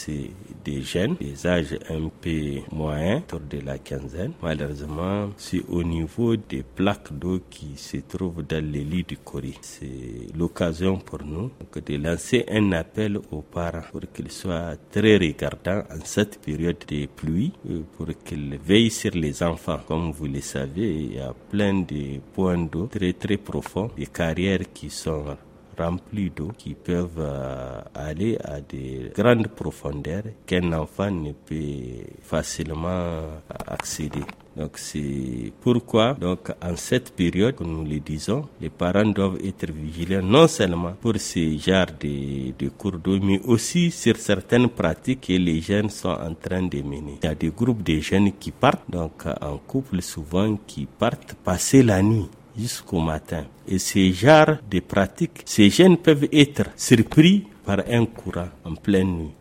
c'est des jeunes, des âges un peu moyens, autour de la quinzaine. Malheureusement, c'est au niveau des plaques d'eau qui se trouvent dans les lits du Corée. C'est l'occasion pour nous de lancer un appel aux parents pour qu'ils soient très regardants en cette période de pluies, euh, pour qu'ils veillent sur les enfants. Comme vous le savez, il y a plein de points d'eau très très profonds, des carrières qui sont remplis d'eau qui peuvent euh, aller à des grandes profondeurs qu'un enfant ne peut facilement euh, accéder. Donc c'est pourquoi donc en cette période que nous le disons, les parents doivent être vigilants non seulement pour ces genres de, de cours d'eau, mais aussi sur certaines pratiques que les jeunes sont en train de mener. Il y a des groupes de jeunes qui partent donc en couple souvent qui partent passer la nuit jusqu'au matin. Et ces genres de pratiques, ces jeunes peuvent être surpris par un courant en pleine nuit.